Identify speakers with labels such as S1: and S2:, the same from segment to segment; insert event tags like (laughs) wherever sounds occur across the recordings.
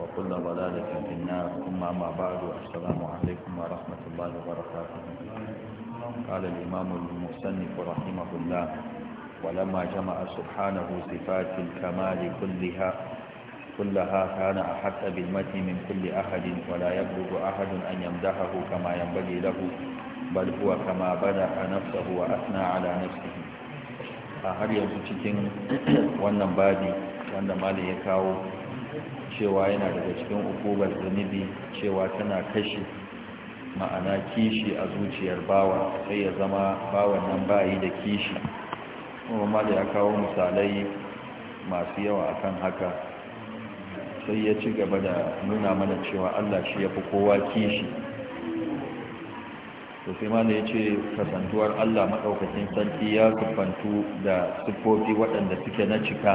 S1: وكل ضلالة في النار ثم أما بعد السلام عليكم ورحمة الله وبركاته قال الإمام المصنف رحمه الله ولما جمع سبحانه صفات الكمال كلها كلها كان أحق بالمتن من كل أحد ولا يبلغ أحد أن يمدحه كما ينبغي له بل هو كما بدأ نفسه وأثنى على نفسه أهل يمسكين وأن بادي وأن مالي يكاو cewa yana daga cikin ukubar zunubi cewa tana kashe ma'ana kishi a zuciyar bawa sai ya zama bawan nan bayi da kishi kuma da ya kawo misalai masu yawa akan haka sai ya ci gaba da nuna mana cewa Allah shi ya fi kowa kishi to sai ma da ya ce kasantuwar Allah maɗaukacin sarki ya kufantu da siffofi waɗanda suke na cika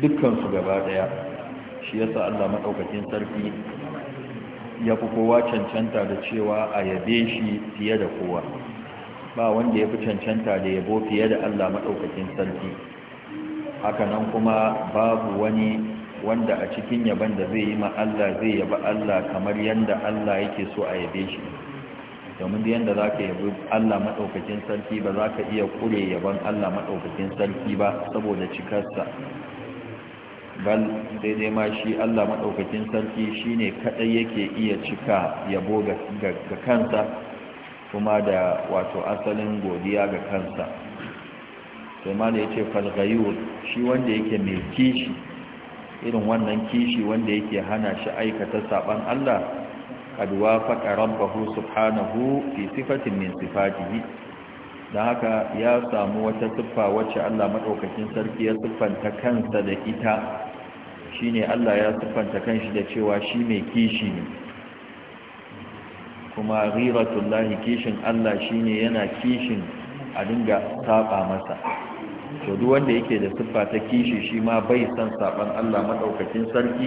S1: dukkansu gaba ɗaya shi yasa Allah madaukakin sarki ya fi kowa cancanta da cewa a yabe shi fiye da kowa ba wanda ya fi cancanta da yabo fiye da Allah madaukakin sarki hakanan kuma babu wani wanda a cikin yaban da zai yi ma Allah zai yaba Allah kamar yadda Allah yake so a yabe shi domin da yanda za ka yabi Allah maɗaukakin sarki ba za ka iya kure yaban Allah maɗaukakin sarki ba saboda cikarsa bal sai dai ma shi Allah madaukakin sarki shine kadai yake iya cika yabo ga kansa kuma da wato asalin godiya ga kansa sai ma da yace falgayu shi wanda yake mai kishi irin wannan kishi wanda yake hana shi aikata saban Allah kadwa faqa rabbahu subhanahu fi sifatin min sifatihi da haka ya samu wata siffa wacce Allah maɗaukakin sarki ya siffanta kansa da ita shine Allah ya siffanta kanshi da cewa shi mai kishi ne kuma ghiratullahi kishin Allah shine yana kishin a dinga saba masa to duk wanda yake da siffa ta kishi shi ma bai san saban Allah maɗaukakin sarki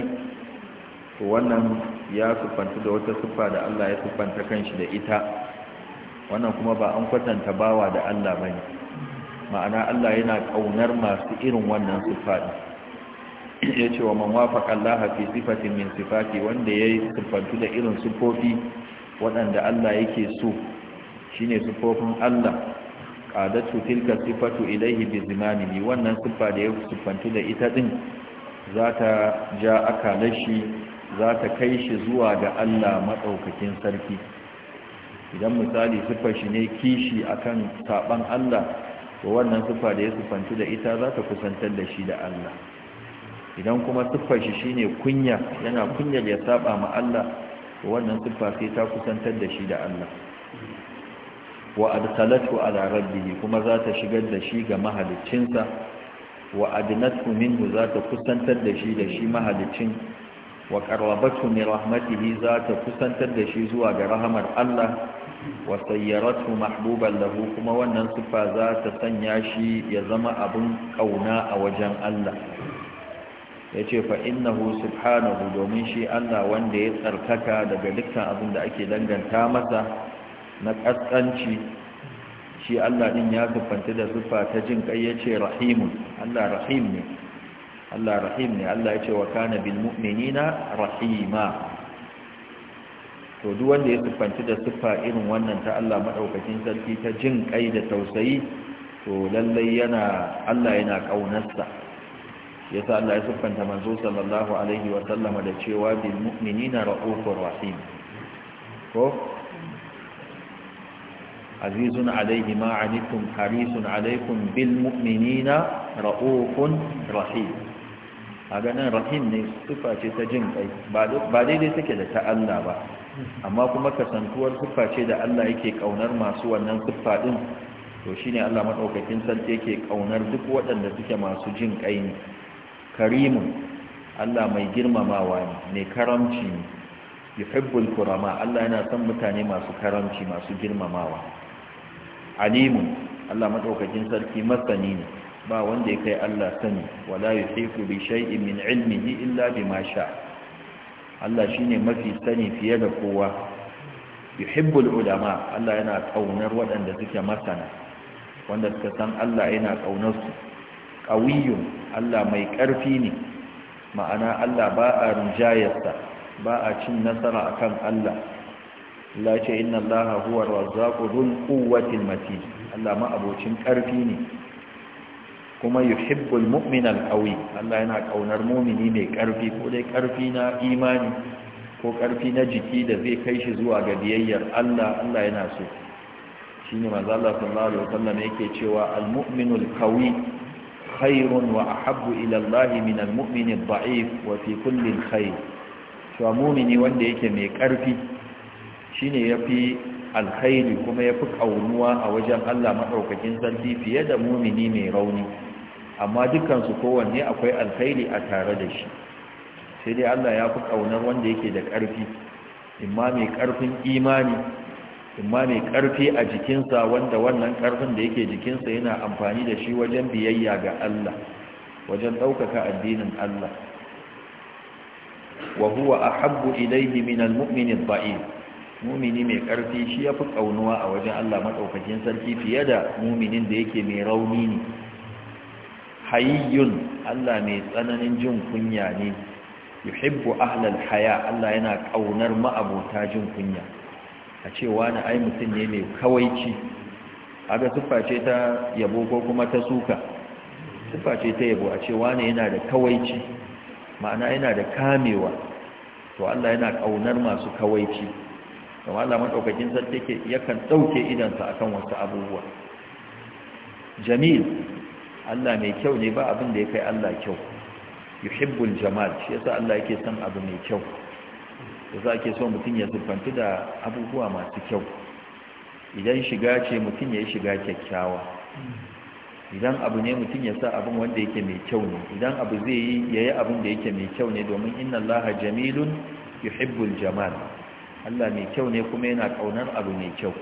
S1: to wannan ya siffanta da wata siffa da Allah ya siffanta kanshi da ita wannan kuma ba an kwatanta bawa da Allah ba ne ma'ana Allah yana ƙaunar masu irin wannan sifaɗi ya ce wa man wafaƙa Allah fi sifatin min sifati wanda ya yi siffantu da irin siffofi waɗanda Allah yake so shine siffofin Allah Ƙadatu, tilka sifatu ilaihi bi zimanihi wannan siffa da ya siffantu da ita din za ta ja akalashi za ta kai shi zuwa ga Allah maɗaukakin sarki idan misali siffar shi ne kishi akan saban Allah to wannan siffa da ya siffantu da ita za ta kusantar da shi da Allah idan kuma siffar shi shine kunya yana kunyar ya saba ma Allah to wannan siffa sai ta kusantar da shi da Allah wa adkhalatu ala rabbihi kuma za ta shigar da shi ga mahaliccinsa wa adnatu minhu za ta kusantar da shi da shi mahaliccin wa qarrabatu min rahmatihi za ta kusantar da shi zuwa ga rahamar Allah wa sayyaratu mahbuban lahu kuma wannan sifa za ta sanya shi ya zama abin kauna a wajen Allah yace fa innahu subhanahu domin shi Allah wanda ya tsarkaka daga dukkan abin da ake danganta masa na kaskanci shi Allah din ya siffanta da siffa ta jin kai yace rahimun Allah rahim ne Allah rahim ne Allah ya ce wa kana bil mu'minina rahima to duk wanda ya siffanci da siffa irin wannan ta Allah madaukakin sarki ta jin kai da tausayi to lallai yana Allah yana kaunarsa yasa Allah ya siffanta manzo sallallahu alaihi wa sallama da cewa bil mu'minina raufur rahim ko azizun alaihi ma anittum harisun alaikum bil mu'minina raufun rahim a ganin rahim ne siface ce ta jin kai ba daidai take da ta Allah ba amma kuma kasantuwar siface ce da Allah yake kaunar masu wannan sifa din to shine Allah madaukakin sarki yake kaunar duk waɗanda suke masu jin kai ne karimun Allah mai girmamawa ne mai karamci ne yuhibbul kurama Allah yana son mutane masu karamci masu girmamawa alimun Allah madaukakin sarki masani ne ba wanda ya kai Allah sani wala yusifu bi shay'in min ilmihi illa ma sha Allah shine mafi sani fiye da kowa yuhibbul ulama Allah yana kaunar waɗanda suke masana wanda suka san Allah yana ƙaunar su qawiyun Allah mai ƙarfi ne ma'ana Allah ba a rinjayarsa ba a cin nasara kan Allah Allah ce inna Allah huwa razzaqu dhul quwwatil matin Allah ma abocin ƙarfi ne kuma yuhibbul mu'minal qawi Allah yana kaunar mu'mini mai karfi ko dai karfi na imani ko karfi na jiki da zai kai shi zuwa ga biyayyar Allah Allah yana so shine manzo Allah sallallahu alaihi wasallam yake cewa al mu'minul qawi khairun wa ahabbu ila Allah min al mu'min da'if wa fi kulli al to mu'mini wanda yake mai karfi shine yafi alkhairi kuma yafi kaunuwa a wajen Allah madaukakin sarki fiye da mu'mini mai rauni amma dukansu kowanne akwai alkhairi a tare da shi sai dai Allah ya fi ƙaunar wanda yake da ƙarfi
S2: imma mai ƙarfin imani
S1: imma mai ƙarfi a jikinsa wanda wannan ƙarfin da yake jikinsa yana amfani da shi wajen biyayya ga Allah wajen ɗaukaka addinin Allah wa huwa ahabbu ilayhi min almu'min adh mu'mini mai ƙarfi shi yafi ƙaunuwa a wajen Allah maɗaukakin sarki fiye da mu'minin da yake mai rauni ne hayyun Allah mai tsananin jin kunya ne yuhibbu ahlal haya Allah yana kaunar ma'abota jin kunya a cewa na ai mutum ne mai kawaici aga tuffa ce ta yabo ko kuma ta suka tuffa ta yabo a cewa ne yana da kawaici ma'ana yana da kamewa to Allah yana kaunar masu kawaici kuma Allah madaukakin sarki yakan dauke idansa akan wasu abubuwa jamil Allah mai kyau ne ba abin da ya kai Allah kyau yuhibbul jamal shi yasa Allah yake son abu mai kyau yasa ake son mutum ya zubantu da abubuwa masu kyau idan shiga ce mutum ya yi shiga kyakkyawa idan abu ne mutum ya sa abin wanda yake mai kyau ne idan abu zai yi ya yi abin da yake mai kyau ne domin inna allaha jamilun yuhibbul jamal Allah mai kyau ne kuma yana ƙaunar abu mai kyau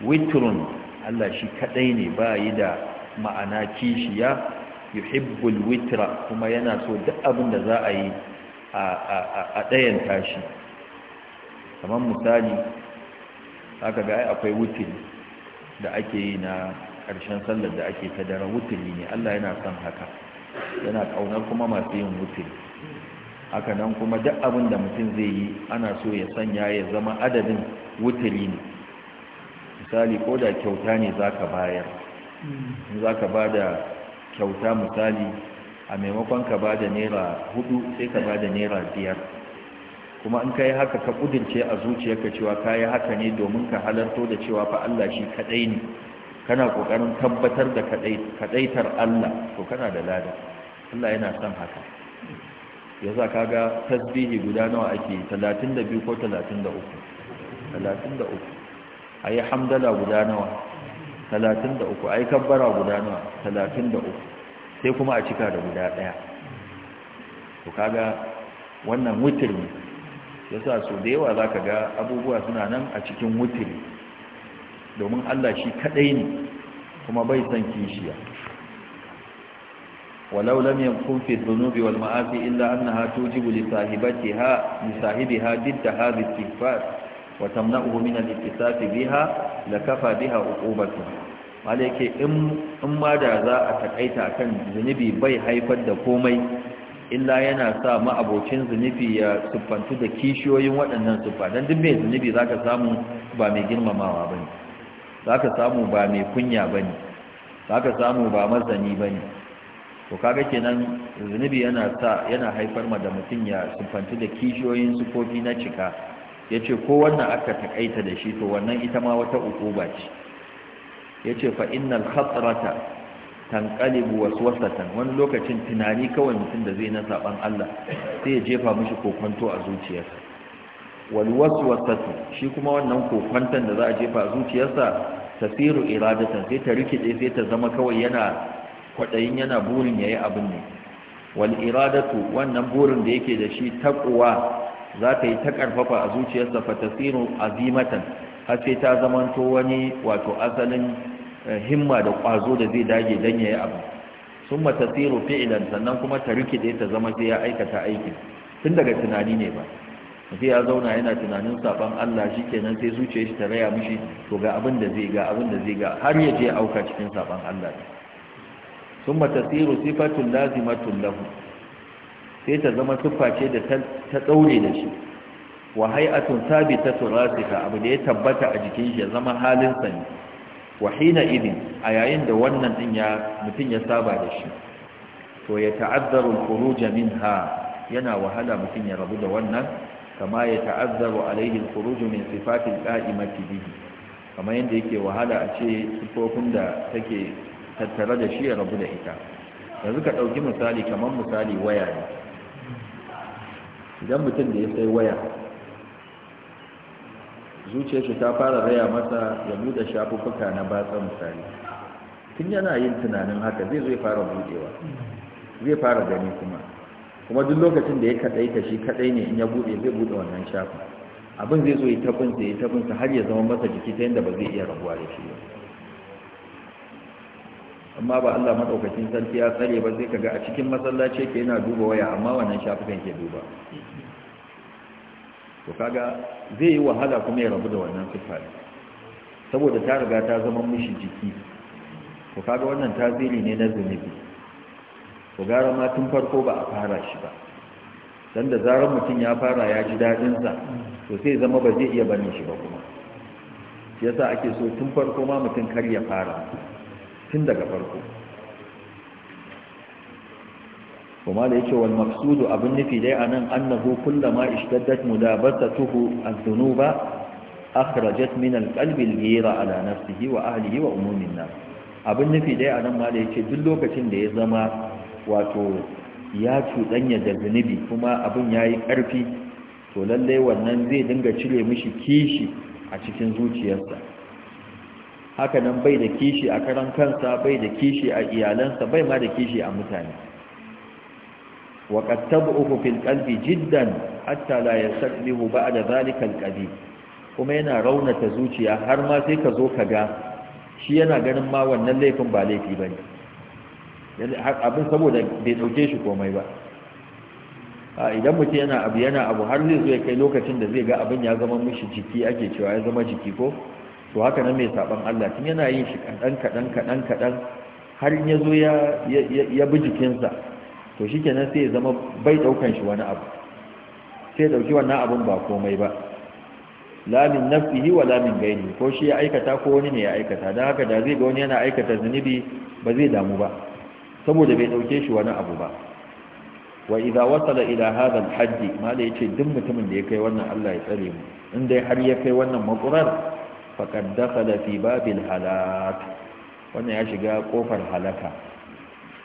S1: witrun Allah shi kadai ne ba yi da ma'ana kishiya yuhibbul witra kuma yana so duk abin da za a yi a ɗayan tashi kamar misali aka ga akwai wutiri da ake yi na ƙarshen sallar da ake ta daren wutiri ne Allah yana son haka yana ƙaunar kuma masu yin wutiri haka nan kuma duk abin da mutum zai yi ana so ya sanya ya zama adadin wutiri ne misali ko da kyauta ne za ka bayar in za ka ba da kyauta misali a maimakon ka ba da naira hudu sai ka ba da naira biyar kuma in ka yi haka ka kudirce a zuciyarka cewa ka yi haka ne domin ka halarto da cewa fa Allah shi kadai ne kana kokarin tabbatar da kadaitar Allah to kana da lada Allah yana son haka yasa kaga tasbihi guda nawa ake 32 ko 33 33 ayi hamdala guda nawa talatin da uku ai kabbara guda nawa talatin da uku sai kuma a cika da guda ɗaya to kaga wannan wutir ya yasa su da yawa za ka ga abubuwa suna nan a cikin wutir domin allah shi kaɗai ne kuma bai san kishiya Walaulamyan لم يكن ma'afi, illa annaha إلا أنها توجب لصاحبتها لصاحبها ضد هذه وتمنعه من الاتساف بها لكفى بها عقوبته malaike in in ma da za a takaita kan zunubi bai haifar da komai illa yana sa ma ma'abocin zunubi ya tuffantu da kishiyoyin waɗannan tuffa dan duk mai zunubi za samu ba mai girmamawa ba ne samu ba mai kunya ba ne samu ba mazani bane to kaga kenan zunubi yana sa yana haifar ma da mutum ya tuffantu da kishiyoyin sufofi na cika ya ce ko wannan aka takaita da shi to wannan ita ma wata ukuba ce ya ce fa'innal khatsarata khatrata wasu waswasatan wani lokacin tunani kawai mutum da zai na saban Allah sai ya jefa mishi kokwanto a zuciyarsa wani wasu shi kuma wannan kokontan da za a jefa a zuciyarsa tasiru iradatan sai ta rikide sai ta zama kawai yana kwaɗayin yana burin yayi abin ne wal iradatu wannan burin da yake da shi taqwa za ta yi ta karfafa a zuciyarsa fatasiru azimatan har sai ta zamanto wani wato asalin eh, himma da ƙwazo da zai dage don ya yi abu summa tasiru fi'ilan sannan kuma ta da ta zama sai ya aikata aikin tun daga tunani ne ba sai ya zauna yana tunanin saban Allah shi kenan sai zuciya shi ta raya mishi to ga abin da zai ga abin da zai ga har ya je auka cikin saban Allah summa tasiru sifatun lazimatun lahu sai ta zama tufface da ta tsaure da shi wa hay'atun thabitatu rasika abu da ya tabbata a jikin shi ya zama halin sa ne wa hina idin a yayin da wannan din ya ya saba da shi to ya ta'azzaru al-khuruj minha yana wahala mutum ya rabu da wannan kama ya ta'azzaru alaihi al-khuruj min sifati al-qa'imati bihi kamar yadda yake wahala a ce sifofin da take tattare da shi ya rabu da ita yanzu ka dauki misali kamar misali waya ne idan mutum da ya sai waya Zuciyarsu ta fara raya masa ya buɗe shafuffuka na batsa misali tun yana yin tunanin haka zai zai fara buɗewa zai fara gani kuma kuma duk lokacin da ya kaɗai ta shi kaɗai ne in ya buɗe zai buɗe wannan shafin abin zai zo ya tabinsa ya tabinsa har ya zama masa jiki ta yadda ba zai iya rabuwa da shi ba amma ba Allah maɗaukacin sarki ya tsare ba zai kaga a cikin masallaci yake yana duba waya amma wannan shafukan ke duba to kaga zai yi wahala kuma ya rabu da wannan sifari saboda ta riga ta zama mishi jiki to kaga wannan tasiri ne na zunubi to gara ma tun farko ba a fara shi ba dan da zarar mutum ya fara ya ji dadin sa to sai zama ba zai iya barin shi ba kuma shi yasa ake so tun farko ma mutum kar ya fara tun daga farko kuma da yake wal maksudu abin nufi dai anan annahu kullama ishtaddat mudabatuhu adh-dhunuba akhrajat min al-qalbi al-ghira ala nafsihi wa ahlihi wa umumin nas abin nufi dai anan ma da yake duk lokacin da ya zama wato ya cuɗanya da zunubi kuma abin yayi karfi to lalle wannan zai dinga cire mishi kishi a cikin zuciyarsa haka nan bai da kishi a karan kansa bai da kishi a iyalansa bai ma da kishi a mutane وقد تبعه في القلب جدا حتى لا يستقبه بعد ذلك القديم kuma yana raunata zuciya har ma sai ka zo ka ga shi yana ganin ma wannan laifin ba laifi ba abin saboda bai dauke shi komai ba a idan mutum yana abu yana abu har zai zo ya kai lokacin da zai ga abin ya zama mishi jiki ake cewa ya zama jiki ko to haka nan mai saban Allah tun yana yin shi kadan kadan kadan kadan har ya zo ya bi jikinsa to shi kenan sai ya zama bai ɗaukan shi wani abu sai ɗauki wannan abun ba komai ba lamin nafihi wa lamin gaini ko shi ya aikata ko wani ne ya aikata don haka da zai ga wani yana aikata zunubi ba zai damu ba saboda bai ɗauke shi wani abu ba wa idza wasala ila hadha al-hajj ma da yace duk mutumin da ya kai wannan Allah ya tsare mu in dai har ya kai wannan makurar faqad dakhala fi babil halak wannan ya shiga kofar halaka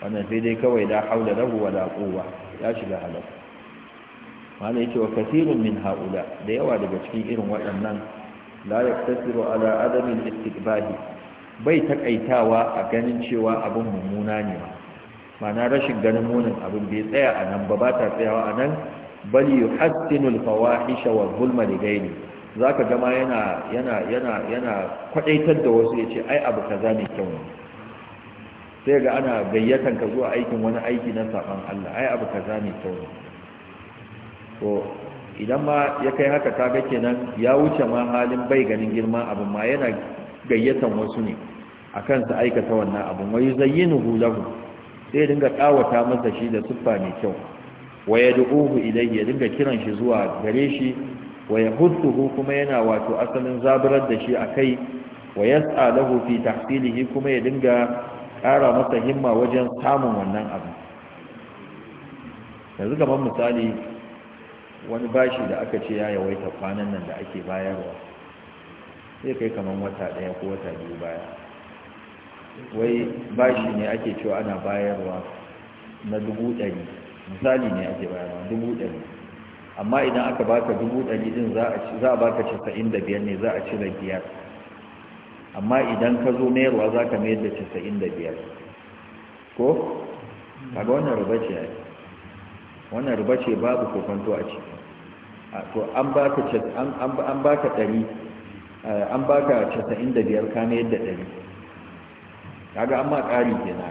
S1: wannan sai dai kawai da haula lahu wala kowa ya shiga halaka malai yace wa kathirun min haula da yawa daga cikin irin waɗannan la yaktasiru ala adami al bai takaitawa a ganin cewa abin mummuna ne mana rashin ganin munin abin bai tsaya a nan ba ba ta tsayawa a nan bali yuhassinu al-fawahisha wa zulma li ghayri zaka ga ma yana kwaɗaitar da wasu ya ce ai abu kaza ne kyau ne sai ga ana gayyatan ka zuwa aikin wani aiki na saban Allah ai abu kaza ne kyau to idan ma ya kai haka ta kaga kenan ya wuce ma halin bai ganin girman abu ma yana gayyatan wasu ne akan kansa aikata wannan abu wai zayyinu hulahu sai dinga kawata masa shi da siffa mai kyau wa duuhu ilayhi ya dinga kiran shi zuwa gare shi waya hudduhu kuma yana wato asalin zaburar da shi akai wa yas'a fi tahsilihi kuma ya dinga ƙara masa himma wajen samun wannan abu yanzu kamar misali wani bashi da aka ce ya yawaita kwanan nan da ake bayarwa sai kai kamar wata ɗaya ko wata biyu baya wai bashi ne ake cewa ana bayarwa na dubu ɗari misali ne ake bayarwa dubu ɗari amma idan aka baka dubu ɗari ɗin za a baka casa'in da biyar ne za a cire biyar amma idan ka zo mayarwa za ka mayar da casa'in da biyar ko? kaga wannan riba ce ne wannan riba ce babu kofanto a ciki to an baka ka baka eh, casa'in da biyar ka mayar da ɗari kaga an ma ƙari ke na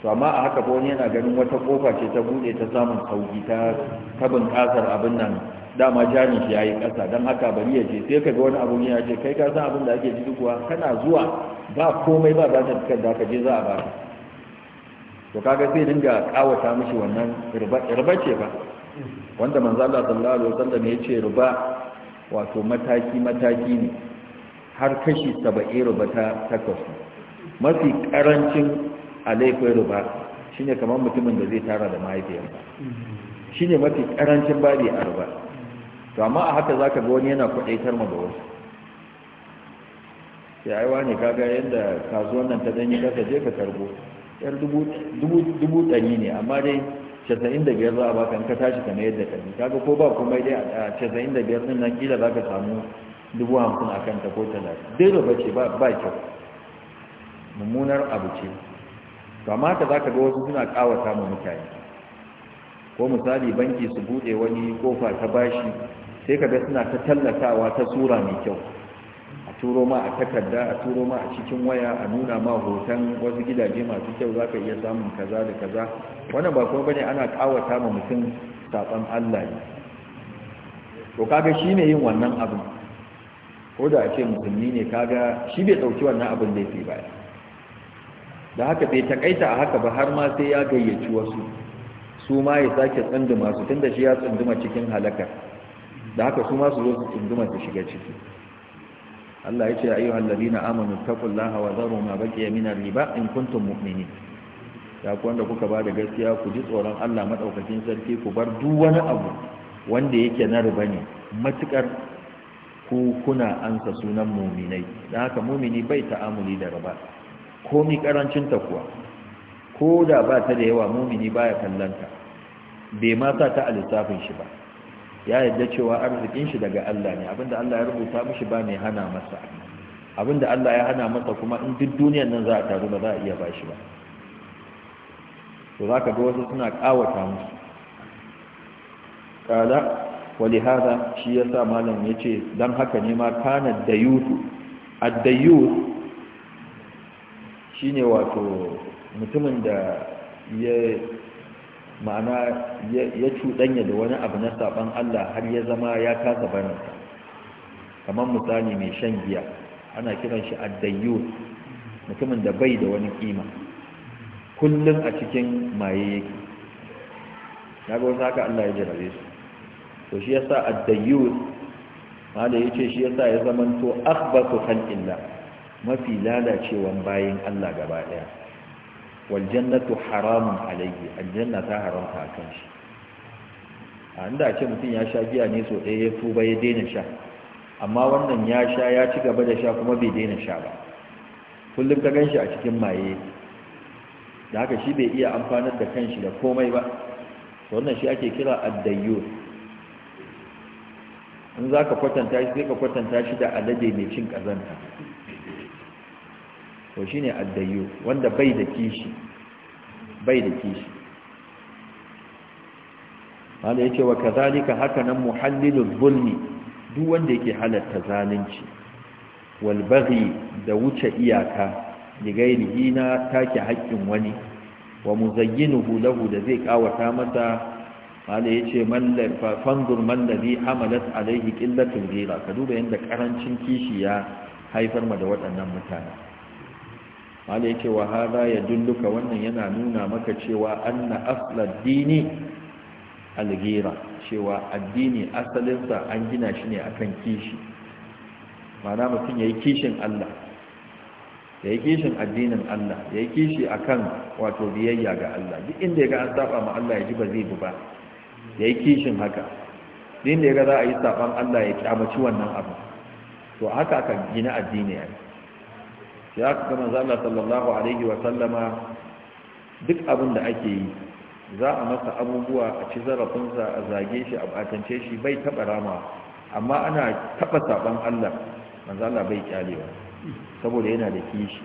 S1: to amma a haka wani yana ganin wata kofa ce ta bude ta samun sauki ta tabin ƙasar abin nan dama jarin shi yi ƙasa don haka bari ya je sai ka ga wani abun ya ce kai ka san abin da ake ciki kuwa kana zuwa ba komai ba za ta da ka je za a ba to kaga sai dinga kawata mishi wannan riba ce ba wanda manzo Allah sallallahu alaihi wasallam ya ce riba wato mataki mataki ne har kashi 70 riba ta takwas mafi karancin alaifin riba shine kamar mutumin da zai tara da mahaifiyarsa shine mafi karancin bari a ruba. to amma a haka zaka ga wani yana kudaitar mu da wasu sai ai wani kaga yanda kasuwan nan ta danyi kasa je ka karbo yar dubu dani ne amma dai casa'in da biyar za a baka in ka tashi ka mayar da kani kaga ko ba kuma dai a casa'in da biyar din nan kila za ka samu dubu hamsin a kanta ko talatin dai roba ce ba kyau mummunar abu ce to amma haka za ka ga wasu suna kawata mu mutane ko misali banki su buɗe wani kofa ta bashi sai ka suna ta tallatawa ta tsura mai kyau a turo ma a takarda a turo ma a cikin waya a nuna ma hoton wasu gidaje masu kyau za ka iya samun kaza da kaza wannan ba kuma bane ana kawata ma mutum saɓan Allah ne to kaga shi ne yin wannan abin ko da a ce musulmi ne kaga shi bai ɗauki wannan abin da yake baya da haka bai takaita a haka ba har ma sai ya gayyaci wasu su ma ya sake tsunduma su tunda shi ya tsunduma cikin halakar. da haka su masu su zo su tsunduma su shiga ciki Allah ya ce ayyuhal na amanu taqullaha wa dharu ma baqiya mina riba in kuntum mu'minin ya ku wanda kuka ba da gaskiya ku ji tsoron Allah maɗaukacin sarki ku bar duk wani abu wanda yake na riba ne matukar ku kuna ansa sunan mu'minai Da haka mu'mini bai ta'amuli da riba ko mi karancin ta kuwa ko da ba ta da yawa mu'mini baya kallanta bai ma sa ta a lissafin shi ba ya yadda cewa arzikin shi daga Allah ne abinda Allah ya rubuta mishi ba mai hana masa abinda Allah ya hana masa kuma in duk duniyar nan za a taru ba za a iya ba shi ba to za ka ga wasu suna ƙawata musu kala wali hada shi ya sa malam ya ce don haka ne ma kana da yutu addayut shi wato mutumin da ya ma'ana ya cuɗanya da wani abu na saɓan Allah har ya zama ya kasa barinsa kamar misali mai shan giya ana kiran shi addayyo mutumin da bai da wani kima kullum a cikin maye yake na ga wasu haka Allah ya jirare su to shi sa addayyo ma da ya ce shi ya sa ya zamanto akhbatu khalqillah mafi lalacewan bayan Allah gaba ɗaya waljannatu haramun alayhi aljanna ta haramta a kan shi a inda ake mutum ya sha giya ne so ɗaya ya tuba ya daina sha amma wannan ya sha ya ci gaba da sha kuma bai daina sha ba kullum ka ganshi a cikin maye da haka shi bai iya amfanar da kanshi da komai ba wannan shi ake kira addayyo in za ka kwatanta shi ka kwatanta shi da alade mai cin ƙazanta to ne addayyu wanda bai da kishi bai da kishi wanda ce wa kazalika haka nan muhallilul zulmi duk wanda yake halatta zalunci walbari da wuce iyaka da gairihi na take haƙƙin wani wa muzayyinu hulahu da zai kawata mata wanda ya ce fanzur man ladhi hamalat alayhi qillatul ghira ka duba yanda karancin kishi ya haifar ma da waɗannan mutane wanda yake wa hada ya dulluka wannan yana nuna maka cewa anna asla dini algira cewa addini asalinsa an gina shi ne akan kishi mana mutum yayi kishin Allah yayi kishin addinin Allah yayi kishi akan wato biyayya ga Allah duk inda ga an saba ma Allah ya ji ba zai bi ba yayi kishin haka duk inda ga za a yi saban Allah ya kyamaci wannan abu to haka aka gina addini ya ga manzo Allah sallallahu alaihi wa sallama duk abin da ake yi za a masa abubuwa a ci zarafinsa a zage shi a batance shi bai taba rama amma ana taba saban Allah manzo Allah bai kyalewa saboda yana da kishi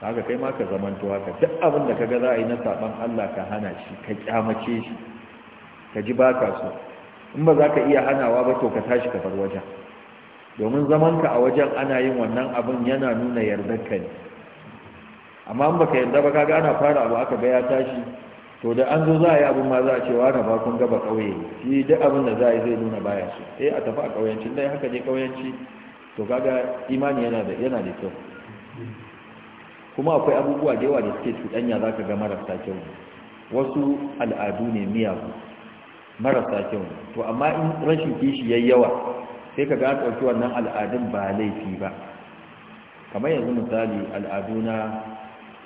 S1: haka kai ma ka zamanto haka duk abin da kaga za a yi na saban Allah ka hana shi ka kyamace shi ka ji baka so in ba za ka iya hanawa ba to ka tashi ka bar wajen domin zaman ka a wajen ana yin wannan abin yana nuna ka ne amma in baka yarda ba kaga ana fara abu aka ga ya tashi to da an zo za a yi abin ma za a cewa na ba gaba ƙauye shi duk abin da za a yi zai nuna baya su eh a tafi a ƙauyenci dai haka ne ƙauyenci to kaga imani yana da yana da kyau kuma akwai abubuwa da yawa da suke cuɗanya za ka ga marasa kyau wasu al'adu ne miyagu marasa kyau to amma in rashin kishi yi yawa sai ka ga ɗauki wannan al'adun ba laifi ba kamar yanzu misali al'adu na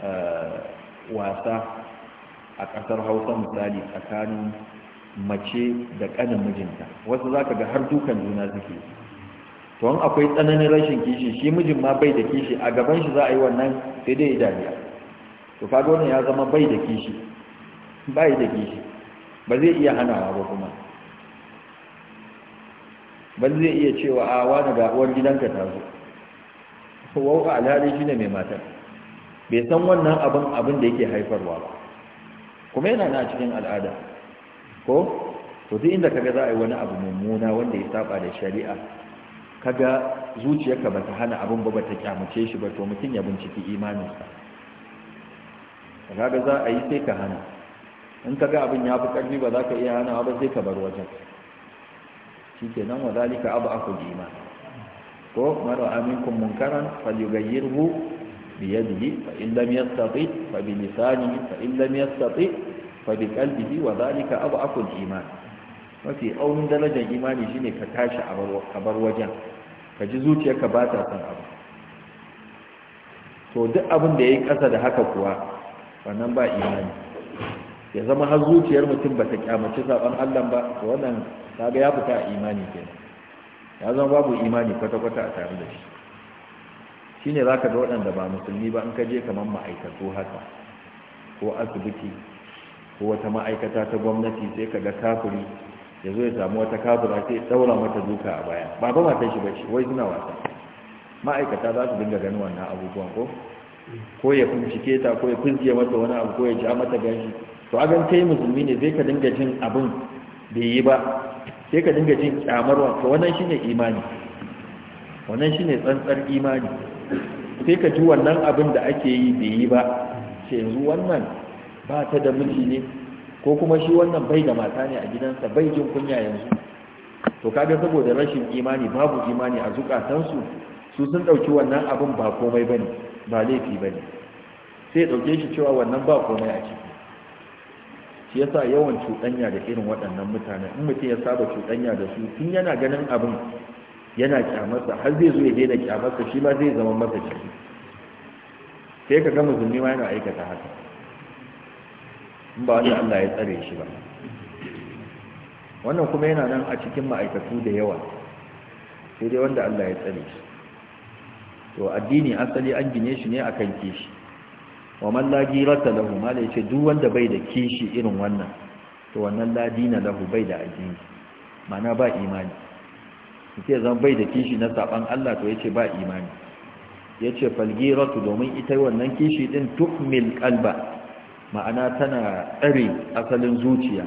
S1: eh, wasa a ƙasar hausa misali tsakanin mace da ƙanin mijinta wasu za ka ga har dukan juna suke to wani akwai tsananin rashin kishi shi mijin ma bai da kishi a gaban shi za a yi wannan sai dai dariya to kaga wannan ya zama bai da kishi bai da kishi ba zai iya hanawa ba kuma bal zai iya cewa a wani gaɓuwar gidanka ta zo wau a alhali ne mai matar bai san wannan abin abin da yake haifarwa ba kuma yana na cikin al'ada ko to duk inda kaga za a yi wani abu mummuna wanda ya saba da shari'a kaga zuciyarka bata hana abin ba bata kyamace shi ba to mutum ya binciki imaninsa kaga za a yi sai ka hana in kaga abin ya fi karfi ba za ka iya hana ba sai ka bar wajen shikenan wa zalika abu iman ko mara aminkum munkaran falyughayyirhu bi yadihi fa in lam yastati fa bi lisanihi fa in lam yastati fa bi qalbihi wa zalika abu iman mafi aunin darajar imani shine ka tashi a bar wajen ka ji zuciyarka ba ta son abu to duk abin da ya yi ƙasa da haka kuwa wannan ba imani ya zama har zuciyar mutum ba ta kyamaci saban Allah ba to wannan kaga ya fita a imani kenan ya zama babu imani kwata-kwata a tare da shi shine ka ga waɗanda ba musulmi ba in ka je kamar ma'aikatu haka ko asibiti ko wata ma'aikata ta gwamnati sai ka ga kafiri ya zo ya samu wata kafura sai ɗaura mata duka a baya ba ba matan shi shi wai suna wasa ma'aikata za su dinga ganin wannan abubuwan ko ko ya bincike ta ko ya kunje mata wani abu ko ya ja mata gashi to agan kai musulmi ne zai ka dinga jin abin bai yi ba sai ka dinga jin kyamarwa to wannan shine imani wannan shine tsantsar imani sai ka ji wannan abin da ake yi bai yi ba sai yanzu wannan ba ta da miji ne ko kuma shi wannan bai da mata ne a gidansa bai jin kunya yanzu to kaga saboda rashin imani babu imani a zukatansu su sun ɗauki wannan abin ba komai bane ba laifi bane sai ɗauke shi cewa wannan ba komai a ciki shi yasa yawan cuɗanya da irin waɗannan mutane, in mutum ya saba cuɗanya da su tun yana ganin abin yana kyamarsa har zai zo ya daina kyamarsa shi ma zai zama masa ciki sai ka ga musulmi ma yana aikata haka in ba wani Allah ya tsare shi ba wannan kuma yana nan a cikin ma'aikatu da yawa sai dai wanda Allah ya tsare shi to addini asali an gine shi ne akan kishi wa man la girata lahu mala yace duk wanda bai da kishi irin wannan to wannan la lahu bai da addini mana ba imani yace zan bai da kishi na saban Allah to yace ba imani yace falgiratu domin ita wannan kishi din tukmil qalba ma'ana tana tsare asalin zuciya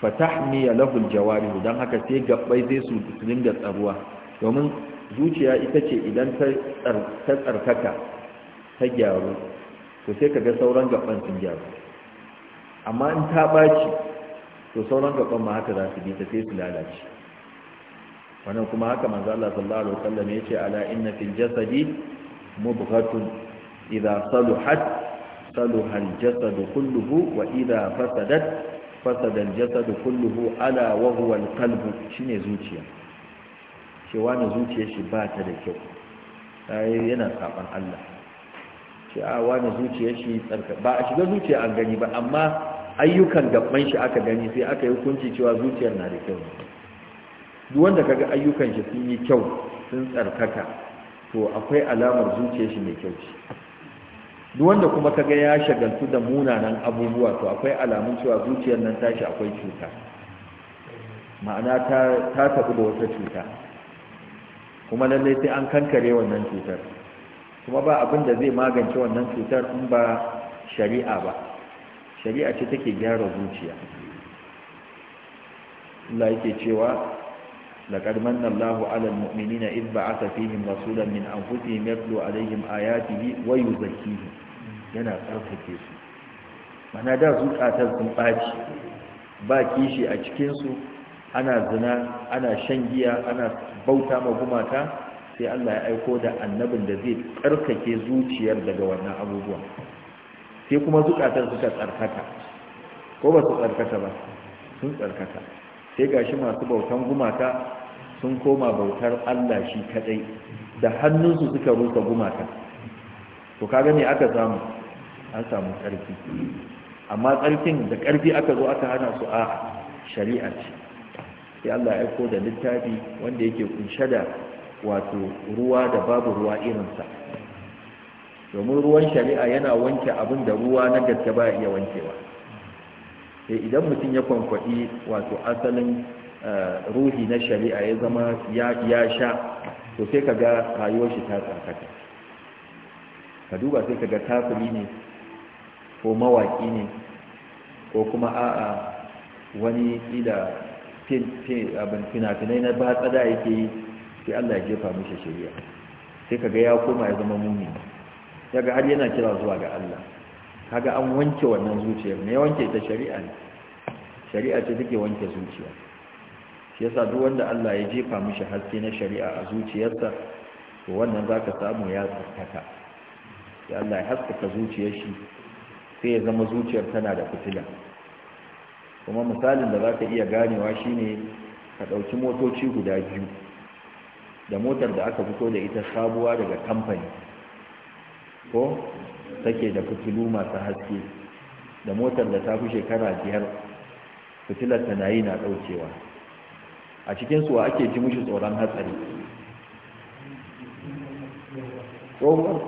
S1: fatahmiya lahu aljawarihu dan haka sai gabbai zai su dinga tsaruwa domin zuciya ita ce idan ta tsarkaka ta gyaru to sai ka ga sauran gaban sun gyaru amma in ta ɓaci to sauran gaban ma haka za su bi ta sai su lalace wannan kuma haka manzo Allah sallallahu alaihi wasallam ya ce ala inna fil jasadi mubghatun idza saluhat saluha al jasad kulluhu wa idza fasadat fasada al jasad kulluhu ala wa huwa al qalb shine zuciya cewa zuciya shi ba ta da kyau yana saban Allah shi a wani zuciyar shi tsarka ba a shiga zuciya an gani ba amma ayyukan gaban shi aka gani sai aka yi hukunci cewa zuciyar na da kyau duk wanda kaga ayyukan shi sun yi kyau sun tsarkaka to akwai alamar zuciyar shi mai kyau ce duk wanda kuma kaga ya shagaltu da munanan abubuwa to akwai alamun cewa zuciyar nan tashi akwai cuta ma'ana ta tafi da wata cuta kuma lallai sai an kankare wannan cutar kuma ba abin da zai magance wannan cutar in ba shari'a ba shari'a ce take gyara zuciya Allah yake cewa laqad manna Allahu 'alal mu'minina idh ba'atha fihim rasulan min anfusihim yatlu 'alayhim ayatihi wa yuzakkihim yana tsarkake su mana da zuƙatar sun ba kishi a cikinsu ana zina ana shan giya ana bauta ma gumata sai Allah ya aiko da annabin da zai tsarkake zuciyar daga wannan abubuwa sai kuma zukatar suka tsarkaka ko ba su tsarkaka ba sun tsarkaka sai gashi masu bautan gumaka sun koma bautar Allah shi kadai da hannunsu suka rusa gumaka to ka me aka samu an samu tsarki amma tsarkin da ƙarfi aka zo aka hana su a shari'a ce sai Allah ya aiko da littafi wanda yake kunshe da wato ruwa da babu ruwa irinsa domin ruwan shari'a yana wanke abin da ruwa na gaske ba iya wankewa sai idan mutum ya kwankwaɗi wato asalin eh, ruhi na shari'a ya zama ya sha to sai ka ga rayuwar shi ta tsarkaka ka duba sai ka ga kafiri ne ko mawaƙi ne ko kuma a'a wani ila abin fina-finai na batsada yake yi sai Allah ya jefa mishi shari'a sai kaga ya koma ya zama mumini yaga har yana kira zuwa ga Allah kaga an wanke wannan zuciyar ne wanke ta shari'a ne shari'a ce take wanke zuciya shi yasa duk wanda Allah ya jefa mishi haske na shari'a a zuciyarsa to wannan zaka samu ya tsaka sai Allah ya haskaka zuciyar shi sai ya zama zuciyar tana da fitila kuma misalin da zaka iya ganewa shine ka dauki motoci guda biyu da motar da aka fito da ita sabuwa daga kamfani ko take da fitilu masu haske da motar da ta fi shekara biyar fitilar ta nayi na ɗaukewa a cikin wa ake ji mushi tsoron hatsari tsohon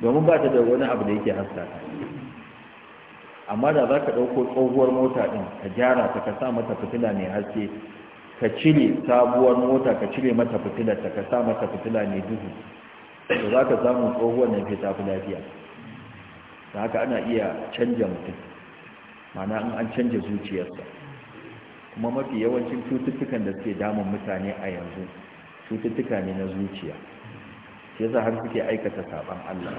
S1: domin ba ta da wani abu da yake haskata. amma da za ka ɗauko tsohuwar mota ɗin ka gyara ta ka sa mata fitila mai haske ka cire sabuwar mota ka cire mata fitilar ta ka sa mata fitila mai duhu to za ka samu tsohuwar na fi tafi lafiya da haka ana iya canja mutum mana in an canja zuciyarsa kuma mafi yawancin cututtukan da suke damun mutane a yanzu cututtuka ne na zuciya ke za har suke aikata saban Allah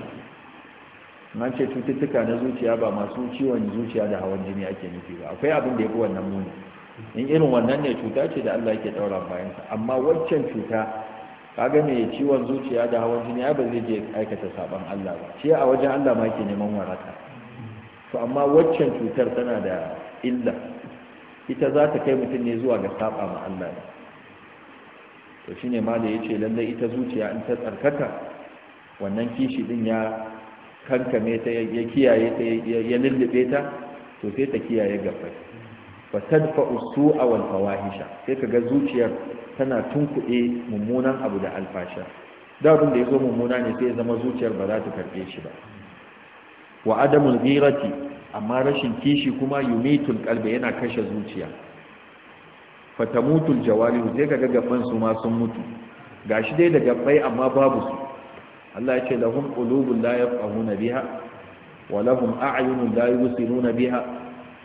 S1: na ce cututtuka na zuciya ba masu ciwon zuciya da hawan jini ake nufi ba akwai abin da ya fi wannan muni in irin wannan ne cuta ce da Allah yake daura bayansa amma waccan cuta kaga mai ciwon zuciya da hawan jini ba zai je aikata saban Allah ba shi a wajen Allah ma ke neman waraka to amma waccan cutar tana da illa ita za ta kai mutum ne zuwa ga saba ma Allah ne to shine ma da yace lalle ita zuciya in ta tsarkaka wannan kishi din ya kankame ta ya kiyaye ta ya lullube ta to sai ta kiyaye gaba fa tadfa'u su'a a fawahisha sai kaga zuciyar tana tunkuɗe mummunan abu da alfasha da abin ya zo mummuna ne sai zama zuciyar ba za ta karɓe shi ba wa adamul ghirati amma rashin kishi kuma yumitul qalbi yana kashe zuciya Fata mutul jawarihu sai kaga gaban su ma sun mutu gashi dai da gabbai amma babu su Allah ya ce lahum qulubun la yafqahuna biha wa lahum a'yunun la yubsiruna biha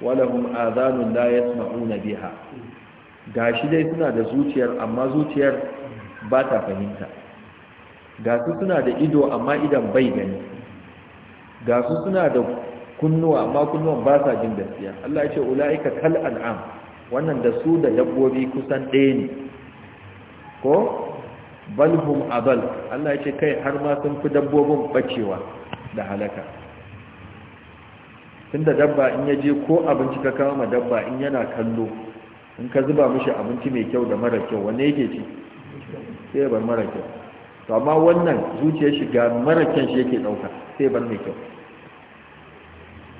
S1: walahum azanun la yasma'una biha gashi dai suna da zuciyar amma zuciyar ba ta fahimta ga suna da ido amma idan bai gani ga suna da kunnuwa amma kunnuwan ba sa jin gaskiya Allah ya ce ulaika kal an'am wannan da su da dabbobi kusan ɗaya ne ko balhum abal Allah ya ce kai har ma sun fi dabbobin bacewa da halaka tunda dabba in ya je ko abinci ka kama ma dabba in yana kallo in ka zuba mishi abinci mai kyau da mara kyau wanne yake ci sai bar mara kyau to amma wannan zuciyar shi ga mara kyan shi yake dauka sai bar mai kyau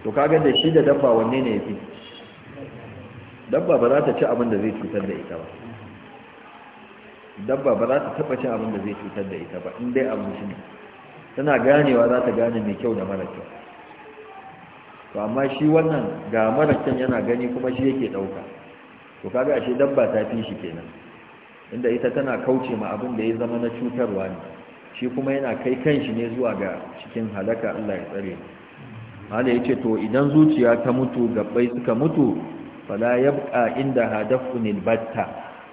S1: to kaga da shi da dabba wanne ne yake dabba ba za ta ci abin da zai cutar da ita ba dabba ba za ta taba cin abin da zai cutar da ita ba in dai shi ne tana ganewa za ta gane mai kyau da mara kyau to amma shi wannan ga marakin yana gani kuma shi yake ɗauka to kaga ashe dabba ta fi shi kenan inda ita tana kauce ma abin da ya zama na cutarwa ne shi kuma yana kai kanshi ne zuwa ga cikin halaka Allah ya tsare ya yace to idan zuciya ta mutu gabbai suka mutu fala yabqa inda hadafunil batta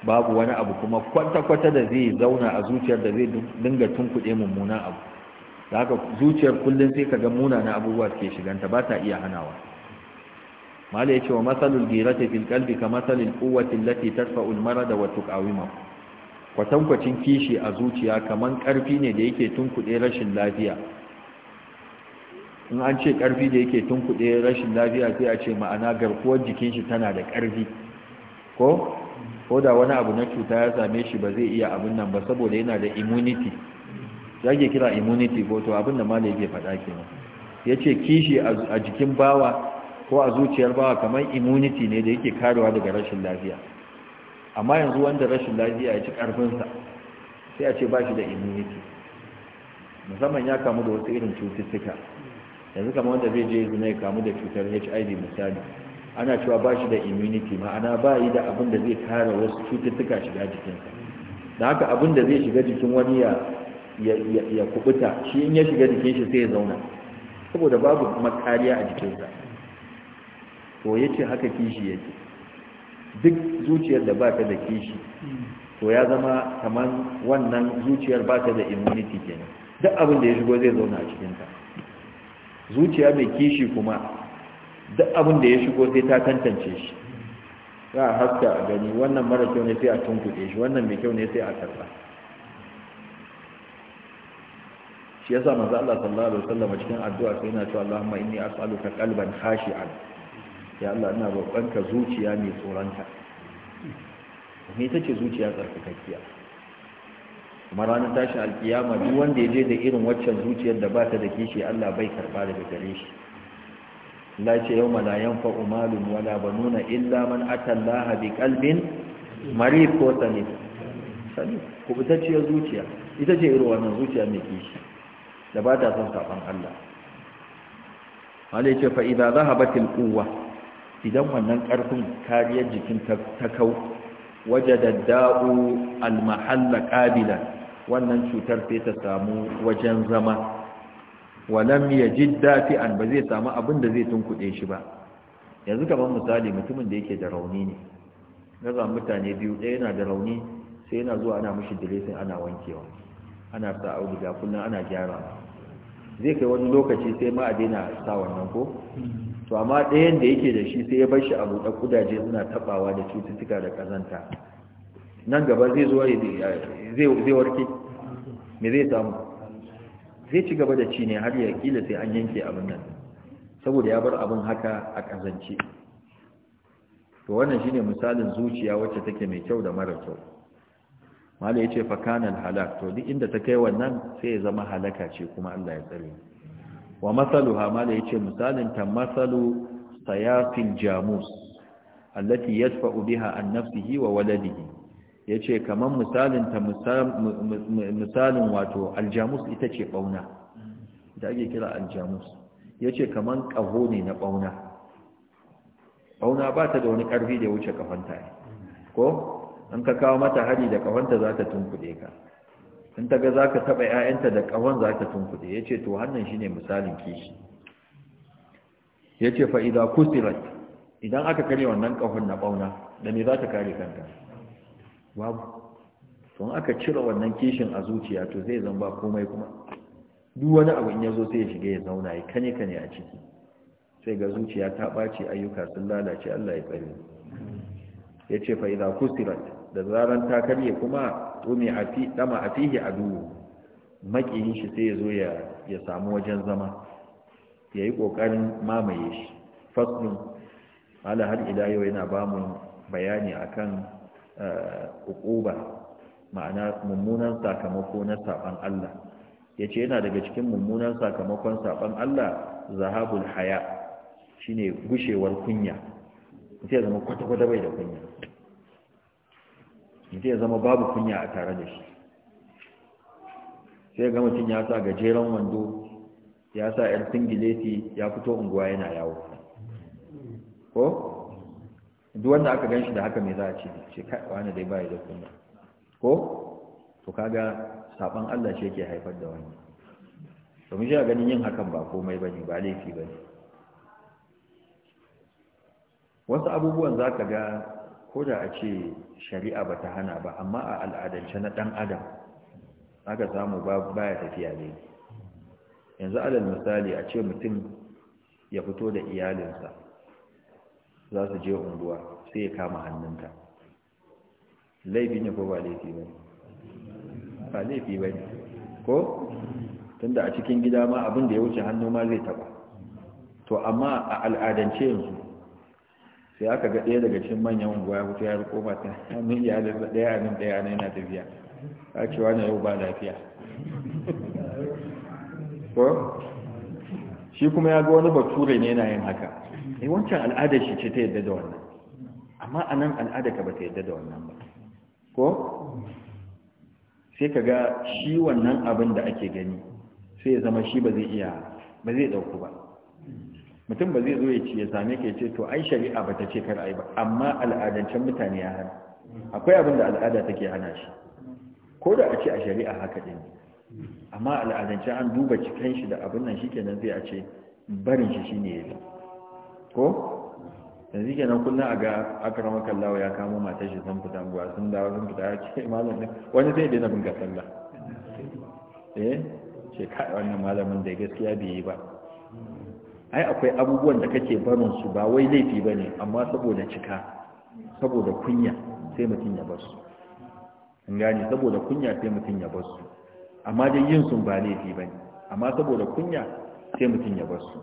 S1: babu wani abu kuma kwata-kwata da zai zauna a zuciyar da zai dinga tunkuɗe mummuna abu da haka zuciyar kullum sai ka ga munana abubuwa suke shiganta ba ta iya hanawa mala ya ce wa matsalul girata fil kalbi ka matsalin kuwatin lati ulmara da wa kawima kwatankwacin kishi a zuciya kamar karfi ne da yake tunkuɗe rashin lafiya in an ce karfi da yake tunkuɗe rashin lafiya sai a ce ma'ana garkuwar jikin shi tana da karfi ko ko da wani abu na cuta ya same shi ba zai iya abin nan ba saboda yana da immunity yake kira immunity ko to abinda da yake faɗa ya yace kishi a jikin bawa ko a zuciyar bawa kamar immunity ne da yake karewa daga rashin lafiya amma yanzu wanda rashin lafiya ya ci karfinsa sai a ce ba shi da immunity musamman ya kamu da wasu irin cututtuka yanzu kamar wanda zai je zuna ya kamu da cutar hiv misali ana cewa ba shi da immunity ma'ana ba yi da abin da zai kare wasu cututtuka shiga jikinsa da haka abin da zai shiga jikin wani ya ya kubuta shi in ya shiga jikin shi sai ya zauna saboda babu makariya a jikinsa to ya ce haka kishi yake duk zuciyar da ba ta da kishi to ya zama kamar wannan zuciyar ba ta da immunity kenan duk abin da ya shigo zai zauna a cikinta zuciya mai kishi kuma duk abin da ya shigo sai ta tantance shi za a haska a gani wannan mara kyau ne sai a tunkuɗe shi wannan mai kyau ne sai a karɓa shi yasa manzo Allah sallallahu alaihi wasallam cikin addu'a sai yana cewa Allahumma inni as'aluka qalban khashi'an ya Allah ina ka zuciya mai tsoronka me take zuciya tsarkakakkiya kuma ranar tashin alkiyama duk wanda ya je da irin waccan zuciyar da ba ta da kishi Allah bai karba daga gare shi Allah ce yau la yanfa'u malun wala banuna illa man atallaha bi qalbin marid ko sanin ta kubutacciyar zuciya ita ce irin wannan zuciya mai kishi da ba ta son saban Allah Allah ya ce za a zahabatil quwwa idan wannan karfin kariyar jikin ta kau wajada da'u al mahalla wannan cutar sai ta samu wajen zama ya ji dafi'an ba zai samu abin da zai tunkuɗe shi ba yanzu kamar misali mutumin da yake da rauni ne gaza mutane biyu ɗaya yana da rauni sai yana zuwa ana mishi diresin ana wankewa ana sa auduga kullum ana gyara zai kai wani lokaci sai ma a daina sa wannan ko to amma ɗayan da yake da shi sai ya bar shi a buɗe kudaje suna tabawa da cututtuka da kazanta nan gaba zai zo zai warke me zai samu zai ci gaba da ci ne har ya kila sai an yanke abin nan saboda ya bar abin haka a kazance to wannan shine misalin zuciya wacce take mai kyau da mara kyau mala ya ce fakanan halak to duk inda ta kai wannan sai ya zama halaka ce kuma Allah ya tsare wa masaluha mala ya ce misalin ta masalu sayafin jamus allati yadfa biha an nafsihi wa waladihi yace kaman misalin ta misalin wato aljamus ita ce bauna da ake kira aljamus yace kaman ƙaho ne na bauna bauna ba ta da wani ƙarfi da ya wuce kafanta ko in ka kawo mata hari da kawanta za ta tunkuɗe ka in ta ga za ka taɓa ‘ya'yanta da ƙahon za ta tunkuɗe ya ce to hannun shi ne misalin kishi ya ce fa'ida kusirat idan aka kare wannan ƙahon na ɓauna da ne za ta kare kanta babu tun aka cire wannan kishin a zuciya to zai zan ba komai kuma duk wani abu in ya zo sai ya shiga ya zauna ya kane kane a ciki sai ga zuciya ta ɓaci ayyuka sun lalace allah ya tsare ya ce fa'ida kusirat da zaran ta karye kuma tumi fi dama a adu makiyin shi sai yazo ya ya samu wajen zama yayi kokarin mamaye shi faslun ala hal ila yau yana ba mu bayani akan eh, uquba ma'ana mummunan sakamako na saban Allah yace yana daga cikin mummunan sakamakon saban Allah zahabul haya shine gushewar kunya sai zama kwata-kwata bai da kunya mutum ya zama babu kunya a tare da shi sai ga mutum ya sa gajeren wando ya sa yar tingileti ya fito unguwa yana yawo ko duk wanda aka gan shi da haka mai za a ce ce wani dai ba da kunya ko to kaga saban Allah shi yake haifar da wani domin shi ganin yin hakan ba komai bane ba laifi bane wasu abubuwan za ka ga ko da a ce shari'a ba ta hana ba amma a al'adance na ɗan adam aka samu baya tafiya ne yanzu alal misali a ce mutum ya fito da iyalinsa za su je unguwa sai ya kama hannunta laifi ne ko ba laifi ba ba laifi ba ne ko tunda a cikin gida ma abin da ya wuce hannu ma zai taba to amma a al'adance yanzu sai aka ga ɗaya daga cikin manyan unguwa ya fito ya riko mata ya iyalinsa ɗaya a nan ɗaya na yana tafiya a cewa na yau ba lafiya ko shi kuma ya ga wani bature ne yana yin haka eh wancan al'adar shi ce ta yadda da wannan amma a nan al'adar ka ba ta yadda da wannan ba ko sai ka ga shi wannan abin da ake gani sai ya zama shi ba zai iya ba zai ɗauku ba mutum ba zai zo ya ce ya same ka ya ce to ai shari'a ba ta ce kar ai ba amma al'adancen mutane ya hana akwai abin da al'ada take hana shi ko da a ce a shari'a haka din amma al'adancen an duba cikin shi da abin nan shikenan zai a ce barin shi shine yayi ko yanzu kenan kullun a ga akrama kallawa ya kamo matar shi sun fita guwa sun dawo sun fita ya ce malam ne wani zai daina bin gasar eh ce kai wannan malamin da gaskiya bai yi ba ai akwai abubuwan da kake barin su ba wai laifi bane amma saboda cika saboda kunya sai mutum ya bar su in gane saboda kunya sai mutum ya bar su amma dai yin sun ba laifi bane amma saboda kunya sai mutum ya bar su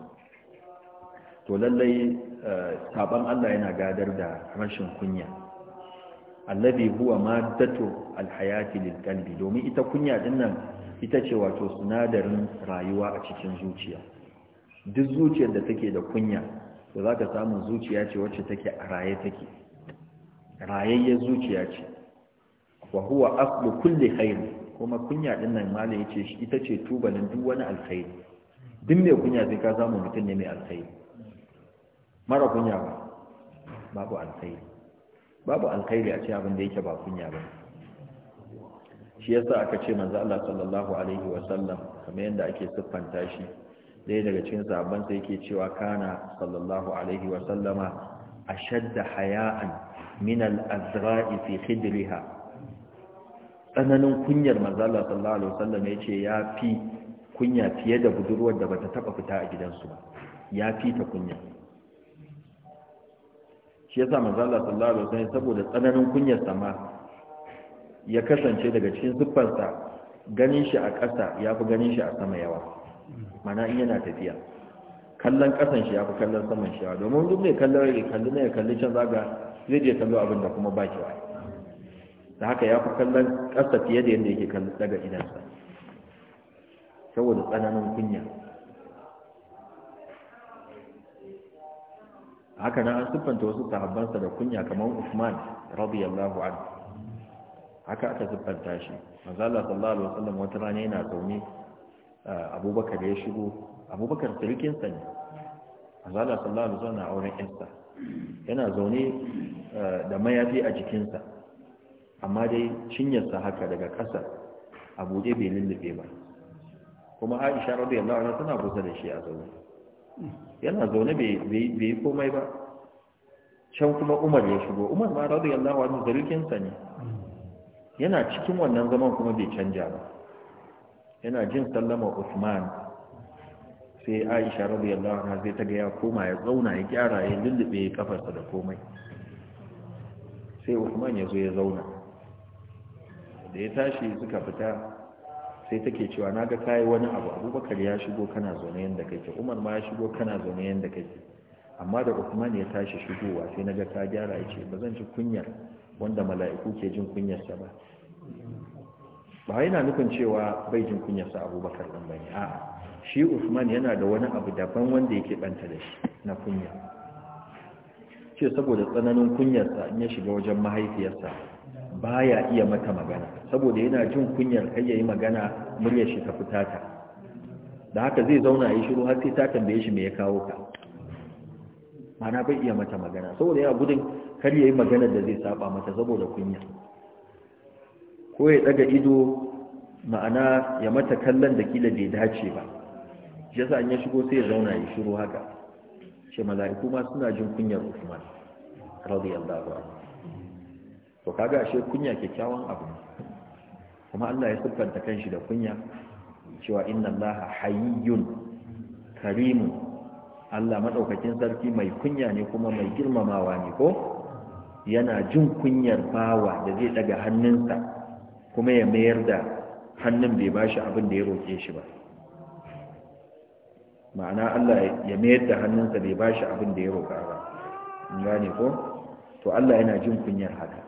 S1: to lallai eh, saban Allah yana gadar da rashin kunya allazi huwa maddatu alhayati lilqalbi domin ita kunya dinnan ita ce wato sinadarin rayuwa a cikin zuciya duk zuciyar da take da kunya to za ka samu zuciya ce wacce take a raye take rayayyar zuciya ce wa huwa aslu kulli khair kuma kunya din nan malai yace shi ita ce tubalin duk wani alkhairi duk mai kunya sai ka samu mutum ne mai alkhairi mara kunya ba babu alkhairi babu alkhairi a ce abin da yake ba kunya ba shi yasa aka ce manzo Allah sallallahu alaihi wa sallam kamar yanda ake siffanta shi ɗaya daga cikin sahabban sai yake cewa kana sallallahu alaihi wa sallama ashadda haya'an min al-azra'i fi khidriha tsananin kunyar manzo Allah sallallahu alaihi wa sallam yace ya fi kunya fiye da budurwar da bata taba fita a gidansu ba ya fi ta kunya shi yasa manzo Allah sallallahu alaihi wa saboda tsananin kunyar sama ya kasance daga cikin siffarsa ganin shi a ƙasa ya fi ganin shi a sama yawa mana in yana tafiya kallon kasan shi ya fi kallon saman shi ya domin duk mai kallon rage kalli na ya kalli can zaga zai je kallo abin da kuma ba kiwa da haka ya fi kallon kasa fiye da yadda yake kallon daga idansa saboda tsananin kunya haka nan an siffanta wasu sahabbansa da kunya kamar Usman, radiyallahu anhu haka aka siffanta shi manzo Allah sallallahu alaihi wasallam wata rana yana zaune abubakar ya shigo abubakar sirikinsa ne zala sallallahu alaihi na auren yansa yana zaune eh, da mayafi a jikinsa amma dai cinyarsa haka daga ƙasa a buɗe bai lullube ba kuma aisha yalla wani tana kusa da shi a zaune yana zaune bai yi komai ba can kuma umar ya shigo umar ma yalla wani zalikinsa ne yana cikin wannan zaman kuma bai canja ba yana jin sallama Usman sai Aisha radiyallahu anha zai ta ga ya koma ya zauna ya gyara ya lullube kafarsa da komai sai Usman ya zo ya zauna da ya tashi suka fita sai take cewa na ga kayi wani abu abubakar ya shigo kana zaune yadda kake umar ma ya shigo kana zaune yadda kake amma da usman ya tashi shigowa sai na ga ka gyara ya ce ba zan ci kunyar wanda mala'iku ke jin kunyarsa ba ba yana nufin cewa bai jin abu abubakar ɗan bane a shi usman yana da wani abu daban wanda yake ɓanta da shi na kunya ce saboda tsananin kunyarsa in ya shiga wajen mahaifiyarsa baya iya mata magana saboda yana jin kunyar kai ya yi magana muryar shi ta fita ta da haka zai zauna a yi shiru har sai ta tambaye shi me ya kawo ka mana bai iya mata magana saboda yana gudun kar ya yi magana da zai saba mata saboda kunya ko ya daga ido ma'ana ya mata kallon da kila bai dace ba yasa an ya shigo sai ya zauna ya shiru haka ce mala'iku ma suna jin kunyar Uthman radiyallahu anhu to kaga ashe kunya kyakkyawan abu kuma Allah ya siffanta kanshi da kunya cewa inna allaha hayyun karimun Allah madaukakin sarki mai kunya ne kuma mai girmamawa ne ko yana jin kunyar bawa da zai daga hannunsa kuma ya mayar da hannun bai bashi abin da ya roƙe shi ba ma'ana Allah ya mayar da hannunsa bai bashi abin da ya roƙa ba in gane ko to Allah yana jin kunyar haka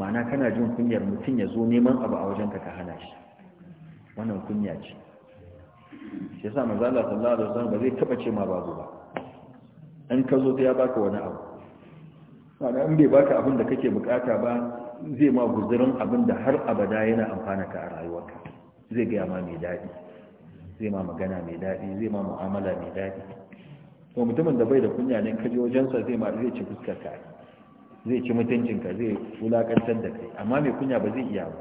S1: ma'ana kana jin kunyar mutum ya zo neman abu a wajenka ka hana shi wannan kunya ce shi yasa manzo Allah sallallahu alaihi wasallam ba zai taba ce ma babu ba in ka zo ya baka wani abu ma'ana in bai baka abin da kake bukata ba zai ma guzurin abin da har abada yana amfana ka a rayuwarka zai gaya ma mai daɗi zai ma magana mai daɗi zai ma mu'amala mai daɗi ko mutumin da bai da kunya ne kaje wajensa zai ma zai ci fuskar ka zai ci mutuncinka zai wulakantar da kai amma mai kunya ba zai iya ba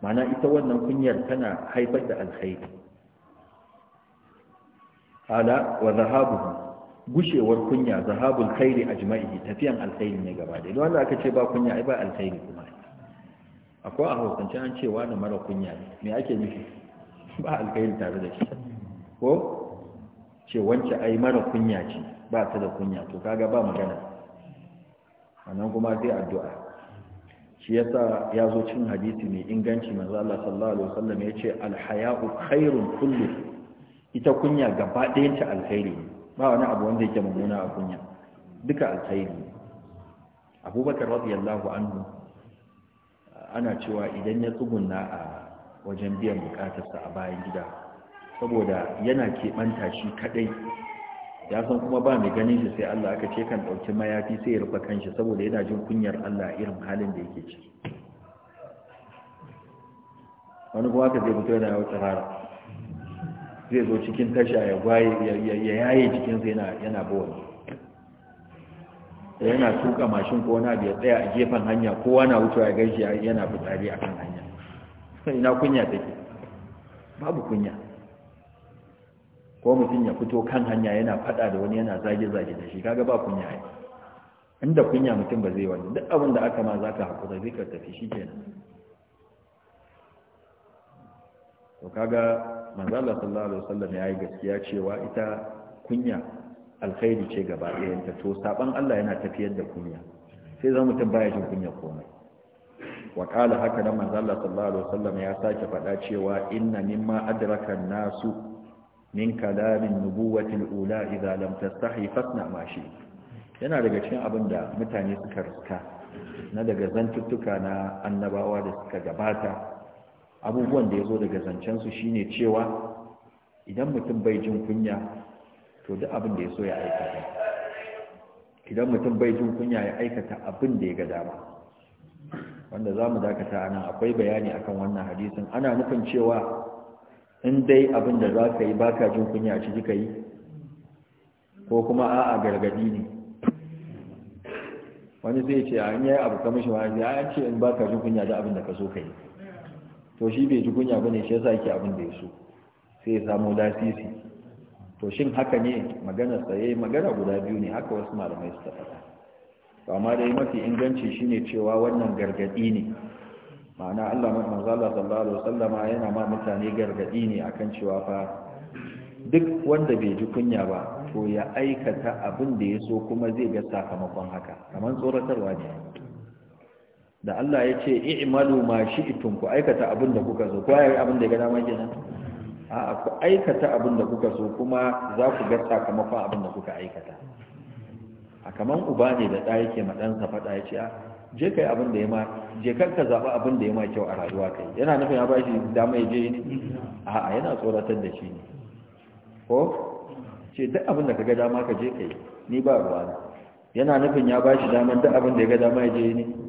S1: mana ita wannan kunyar tana haifar da alkhairi ala wa zahabuhu gushewar kunya zahabul khairi ajma'i tafiyan alkhairi ne gaba da wanda aka ce ba kunya ai ba alkhairi kuma akwai a hausance an ce wani mara kunya me ake nufi ba alkhairi tare da shi ko ce wancan ai mara kunya ce ba ta da kunya to kaga ba magana wannan kuma sai addu'a shi yasa ya zo cin hadisi mai inganci manzo Allah sallallahu alaihi wasallam ya ce alhaya'u khairun kullu ita kunya gaba ci alkhairi ne ba wani abu wanda yake mummuna a kunya duka alkhairi abubakar radiyallahu anhu ana cewa idan ya tsugunna a wajen biyan bukatarsa a bayan gida saboda yana keɓanta shi kaɗai ya san kuma ba mai ganin shi sai Allah aka ce kan ɗauki mayafi sai ya rufe kanshi saboda yana jin kunyar Allah irin halin da yake ciki wani kuma aka zai fito yana yau tsirara zai zo cikin tasha ya gwaye ya yaye jikinsa yana bawani da yana tuka mashin ko wani abu ya tsaya a gefen hanya kowa na wucewa ya gaji yana fitsari a kan hanya (laughs) ina kunya take babu kunya ko mutum ya fito kan hanya yana fada da wani yana zage-zage da shi kaga ba kunya ya inda kunya mutum ba zai wani duk abin da aka ma za ka haƙura zai ka tafi shi kenan to kaga manzala sallallahu alaihi wasallam ya yi gaskiya cewa ita kunya alkhairi ce gaba ta to saban Allah yana tafiyar da kunya sai za mutum baya jin kunya komai wa qala haka da manzala sallallahu alaihi wasallam ya sake faɗa cewa inna mimma adraka nasu min kalamin nubuwatil ula idza lam tastahi fasna ma shi yana daga cikin abin da mutane suka riska na daga zantuttuka na annabawa da suka gabata abubuwan da ya zo daga zancensu shine cewa idan mutum bai jin kunya to duk abin da ya so ya aikata idan mutum bai jin kunya ya aikata abin da ya ga dama wanda za mu dakata a nan akwai bayani akan wannan hadisin ana nufin cewa in dai abin da za ka yi ba ka jin kunya ci ka yi ko kuma a'a gargadi ne wani zai ce a yi abu kamashi shi wani ya ce in ba ka jin kunya da abin da ka so ka yi to shi bai ji kunya bane shi yasa yake abin da ya so sai ya samu lasisi to shin haka ne maganar sa eh, magana guda biyu ne haka wasu malamai suka faɗa to amma dai mafi inganci shine cewa wannan gargadi ne ma'ana Allah manzo Allah sallallahu alaihi wasallama yana ma mutane gargadi ne akan cewa fa duk wanda bai ji kunya ba to ya aikata abin da ya so kuma zai ga sakamakon haka kamar tsoratarwa ne da Allah ya ce i'malu ma shi'tum ku aikata abin da kuka so kowa yi abin da ga dama kenan a ku aikata abin da kuka so kuma za ku ga sakamakon abin da kuka aikata a kaman uba ne da ɗa yake ma ɗansa faɗa ya ce a ah, je kai abin da ya ma je kar ka zaɓi abin da ya ma kyau a rayuwa kai yana nufin ya bashi dama ya je ne a'a yana tsoratar da shi ne ko ce duk abin da ka ga dama ka je kai ni ba ruwa yana nufin ya bashi dama duk abin da ya ga dama ya je ne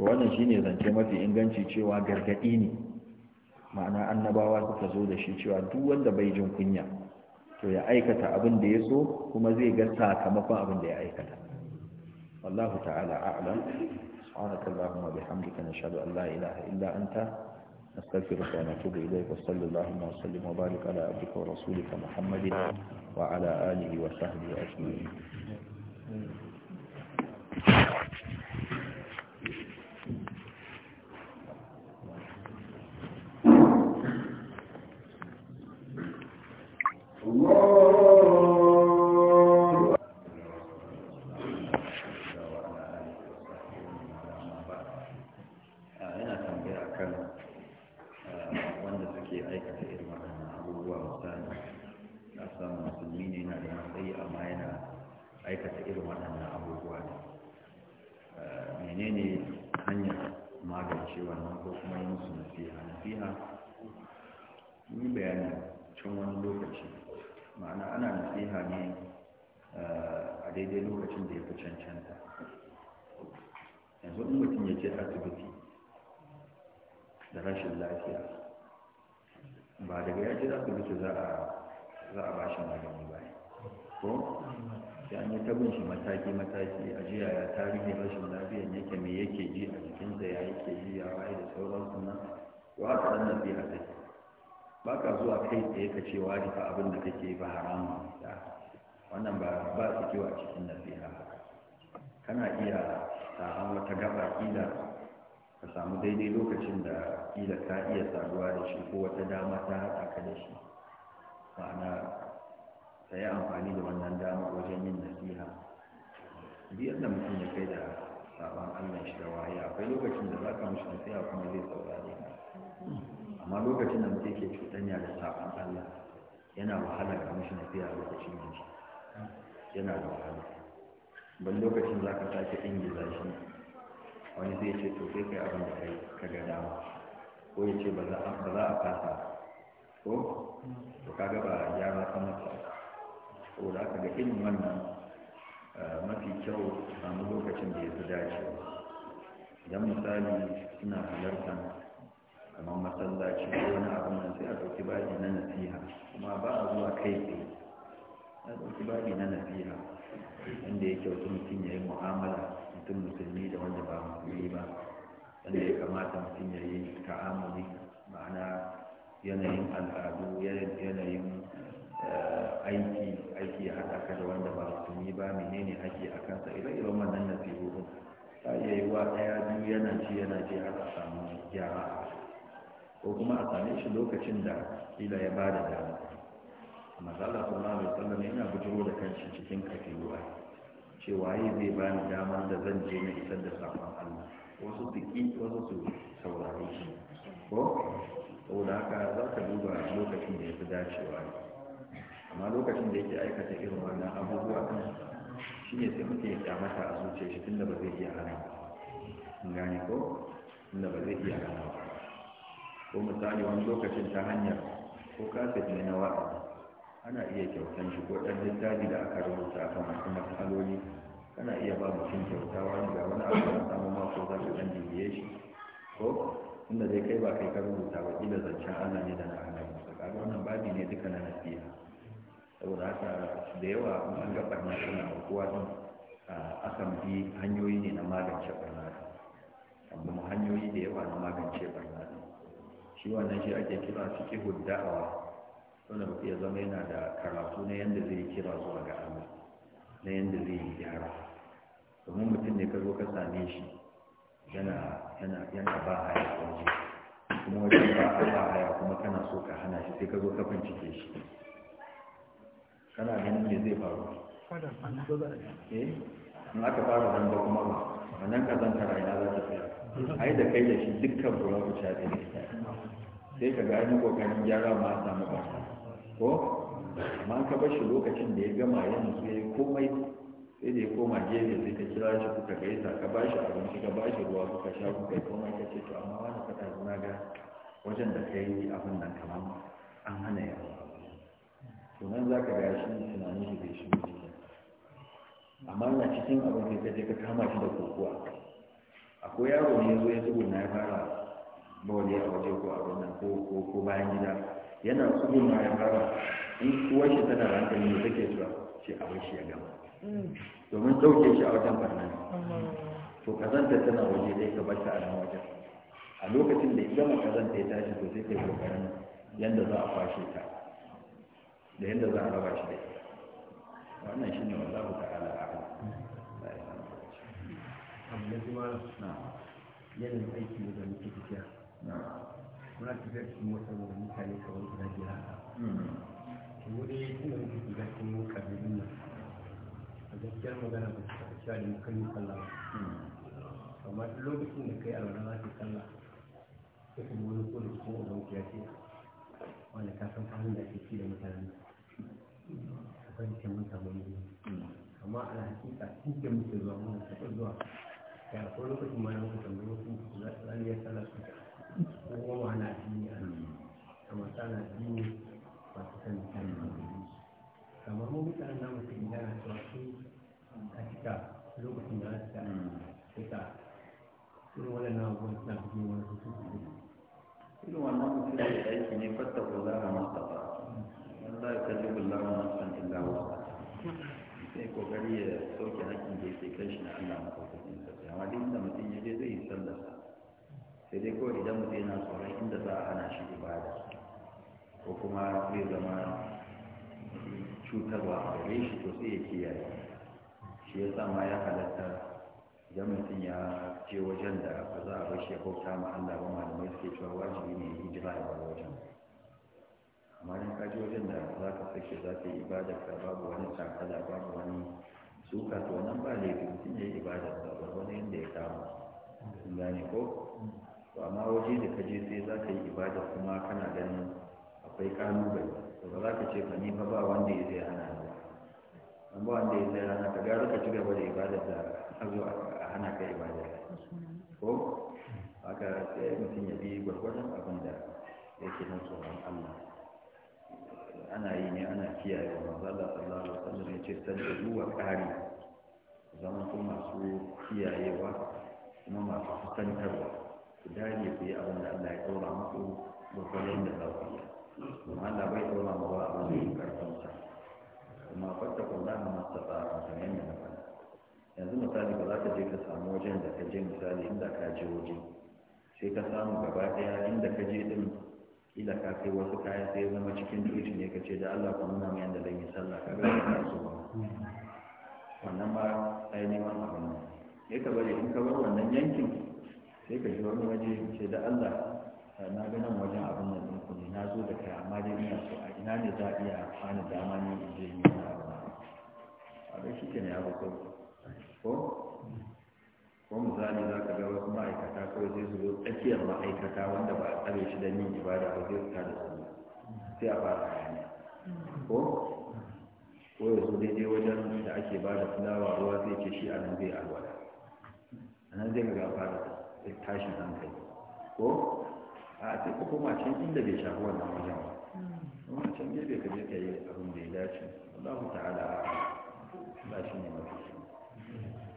S1: to wannan shine zance mafi inganci cewa gargadi ne ma'ana annabawa suka zo da shi cewa duk wanda bai jin kunya to ya aikata abin da ya so kuma zai ga sakamakon abin da ya aikata wallahu ta'ala a'lam سبحانك اللهم وبحمدك نشهد أن لا إله إلا أنت نستغفرك ونتوب إليك وصلى اللهم وسلم وبارك على عبدك ورسولك محمد وعلى آله وصحبه أجمعين mataki-mataki a jiya ya tarihin rashin lafiyan yake mai yake ji a jikinsa ya yake ji ya waye da sauran sunan? wa ka dan nasiha ta ba ka zuwa kai tsaye ka ce wa abin da kake ba haramun wannan ba ba su kiwa a cikin nasiha kana iya sa'an wata gaba kila ka samu daidai lokacin da kila ka iya saduwa da shi ko wata dama ta haɗa ka da shi ma'ana ta yi amfani da wannan dama wajen yin nasiha biyar da mutum ya kai da sabon allah shi da waye akwai lokacin da za ka mushi nasiha kuma zai saurare ka amma lokacin da mutum ke cutanya da sabon allah yana wahala ka mushi nasiha lokacin da shi yana da wahala ban lokacin za ka sake ingiza shi wani zai ce to sai kai abin da kai ka ga dama ko ya ce ba za a fasa ko to kaga ba gyara sama ko da aka ga ilimin wannan mafi kyau samu lokacin da ya fi dace don misali suna halarta kamar masallaci ko wani abin nan sai a ɗauki babi na nasiha kuma ba a zuwa kai tsaye a ɗauki babi na nasiha inda ya kyautu mutum ya yi mu'amala mutum musulmi da wanda ba musulmi ba wanda ya kamata mutum ya yi ta'amuli ma'ana yanayin al'adu yanayin Eh, aiki aiki a haka da wanda ba su yi ba menene haƙi a kansa ire-iren wannan nasihohin ta iya yi wa ɗaya biyu yana ci yana ci har a samu gyara ko kuma a same shi lokacin da kila ya ba da dama mazala ma mai yana bujiro da kanshi cikin ruwa. cewa yi zai ba ni dama da zan je na isar da saƙon Allah wasu su ƙi wasu su saurari shi ko saboda haka za ka duba lokacin da ya fi dacewa ne amma lokacin da yake aikata irin wannan abubuwa kan shi ne sai muke ya kyamata a zuciya shi tun da ba zai iya hana gane ko da ba zai iya hana ko misali wani lokacin ta hanyar ko kasa ne na wa'a ana iya kyautan shi ko ɗan littafi da aka rubuta akan wasu matsaloli kana iya ba mutum kyauta wani ga wani abu da samu mako za ka ɗan jibiye shi ko da zai kai ba kai ka rubuta ba ƙila zancen allah ne da na annabi tsakanin wannan babi ne duka na nasiha saboda haka da yawa an ga barna suna aukuwa akan bi hanyoyi ne na magance barna amma hanyoyi da yawa na magance barna shi wannan shi ake kira su kihud da'awa wanda ya zama yana da karatu na yadda zai kira zuwa ga Allah na yadda zai yi gyara domin mutum ne ka zo ka same shi yana ba haya waje kuma wajen ba haya kuma kana so ka hana shi sai ka zo ka bincike shi kana ganin me zai faru eh? in aka fara zanga kuma ba nan ka zanta rayuwa za ta tsaya ai da kai da shi dukkan ruwa ku sha da sai ka gani kokarin gyara ma samu ba ko amma ka bar shi lokacin da ya gama ya nutsu komai sai da ya koma gefe sai ka kira shi kuka gaisa ka ba shi abinci ka ba shi ruwa kuka sha kuka yi komai ka ce to amma wani faɗa na ga wajen da kai abin nan kamar an hana yawa to nan za ka gashi tunanin shi bai shigo cikin amma na cikin abin da ka je ka kama shi da kokowa akwai yaro ne zo ya na ya fara bawali a waje ko a nan ko bayan gida yana na ya fara in kuwa shi tana rankali ne take cewa ce a shi ya gama
S2: mm. domin ɗauke shi a wajen
S1: barna mm. to kazanta tana waje dai ka bata a nan wajen a lokacin da idan kazanta ya tashi to sai yi kokarin yadda za a kwashe ta da yadda za a raba shi da ita wannan shi ne ta'ala a'lam amma kuma na yanayin aiki da muke tafiya muna tafiya cikin mutane guda hmm. muke tafiya cikin da a gaskiyar magana ba su cewa da mu yi kalla ba hmm. amma duk lokacin da kai a za ka sai kuma wani ko da cikin ya ce wanda ka san fahimta ke ci da mutane amma a hakika sun ce muke zuwa muna taɓa zuwa ya lokacin ma muka za su su ko kuma ana addini a nan amma ta na addini ba su sani ta ne kamar mu mutanen na cewa sun hakika lokacin da za su ta ta sun wani na abubuwan suna wani su su irin wannan mutum da aiki ne ko za a masa ba la yukallifu Allahu san illa wa sai gari ya sauke hakkin da yake kai shi na Allah madaukakin sarki amma din inda mutum ya je zai yi sallar sai dai kawai idan mutum yana tsoron inda za a hana shi ibada ko kuma zai zama cutarwa a gare shi to sai ya kiyaye shi ya sa ma ya halatta idan mutum ya ce wajen da ba za a bar shi ya bauta ma Allah ba malamai suke cewa wajibi ne hijira ya bar wajen amma in ka wajen da za ka sake za ka yi ibada ka babu wani takala babu wani suka to nan ba ne mutum ya yi ibada ka ba wani inda ya kama in gane ko to amma waje da ka je sai za ka yi ibadar kuma kana ganin akwai kalubale to ba za ka ce ba ni ba ba wanda ya zai hana ni an ba wanda ya zai hana ka gara ka ci gaba da ibada da a zo a hana ka ibada ko haka sai mutum ya bi gwargwadon abin da yake nan tsoron Allah ana yi ne ana kiyaye wa manzala sallallahu alaihi wasallam ya ce saddu zuwa ƙari zama ku masu kiyayewa kuma masu kusantarwa ku dage ku yi abin da Allah ya ɗora muku gwagwarin da za ku yi kuma Allah bai ɗora ma ba abin da ya karfin sa kuma fata kula na masu tsara kamar yadda na faɗa yanzu misali ba za ka je ka samu wajen da ka je misali inda ka je waje sai ka samu gaba ɗaya inda ka je ɗin kila ka kai wasu kaya sai zama cikin tuci ne ka ce da Allah ku nuna mai yadda zan yi sallah ka ga ka so ba wannan ba sai neman abin ne. sai ka bari in ka bar wannan yankin sai ka ji wani waje ce da Allah eh, na ga nan wajen abin nan ɗin ku ne na zo da kai amma dai ina so a ina ne za a iya bani dama ne in je yi wani abu a ga shi ke ne ya ko ko misali za ka ga wasu ma'aikata kawai sai su zo tsakiyar ma'aikata wanda ba a tsare shi don yin ibada ba zai fita da sallah sai a fara hayaniya ko ko ya zo daidai wajen da ake ba da fulawa ruwa zai ce shi a nan zai alwala a nan zai ga fara tashin hankali ko a sai ko kuma can inda bai shafi wannan wajen ba kuma can gefe ka je ka yi abin da ya dace Allahu ta'ala ba shi ne mafi